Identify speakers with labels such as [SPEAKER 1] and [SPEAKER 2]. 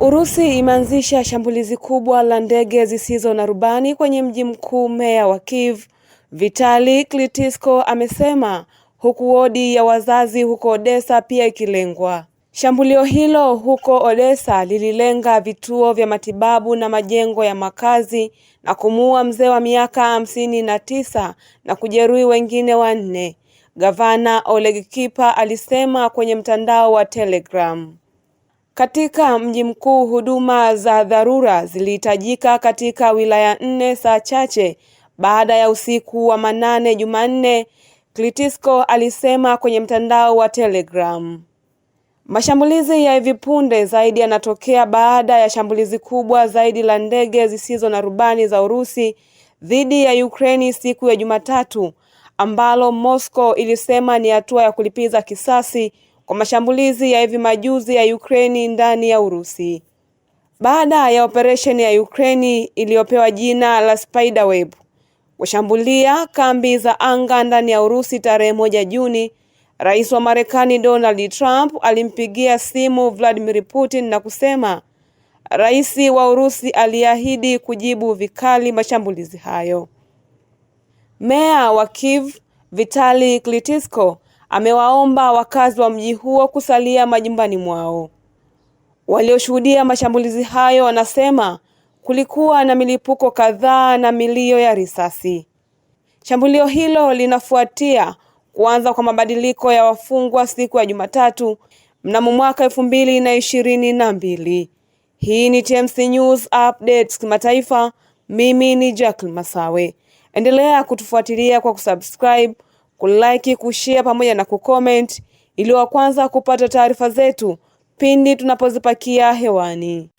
[SPEAKER 1] Urusi imeanzisha shambulizi kubwa la ndege zisizo na rubani kwenye mji mkuu. Meya wa Kiev Vitali Klitschko amesema huku wodi ya wazazi huko Odessa pia ikilengwa. Shambulio hilo huko Odessa lililenga vituo vya matibabu na majengo ya makazi na kumuua mzee wa miaka hamsini na tisa na kujeruhi wengine wanne. Gavana Oleg Kipa alisema kwenye mtandao wa Telegram. Katika mji mkuu huduma za dharura zilihitajika katika wilaya nne saa chache baada ya usiku wa manane Jumanne, Klitisko alisema kwenye mtandao wa Telegram. Mashambulizi ya hivi punde zaidi yanatokea baada ya shambulizi kubwa zaidi la ndege zisizo na rubani za Urusi dhidi ya Ukraini siku ya Jumatatu ambalo Moscow ilisema ni hatua ya kulipiza kisasi kwa mashambulizi ya hivi majuzi ya Ukraine ndani ya Urusi. Baada ya operesheni ya Ukraine iliyopewa jina la Spiderweb kushambulia kambi za anga ndani ya Urusi tarehe moja Juni, Rais wa Marekani Donald Trump alimpigia simu Vladimir Putin na kusema Rais wa Urusi aliahidi kujibu vikali mashambulizi hayo. Meya wa Kiev Vitali Klitschko amewaomba wakazi wa mji huo kusalia majumbani mwao. Walioshuhudia mashambulizi hayo wanasema kulikuwa na milipuko kadhaa na milio ya risasi. Shambulio hilo linafuatia kuanza kwa mabadiliko ya wafungwa siku ya Jumatatu mnamo mwaka elfu mbili na ishirini na mbili. Hii ni TMC News Updates kimataifa. Mimi ni Jacqueline Masawe. Endelea kutufuatilia kwa kusubscribe, kulike, kushare pamoja na kucomment ili wa kwanza kupata taarifa zetu pindi tunapozipakia hewani.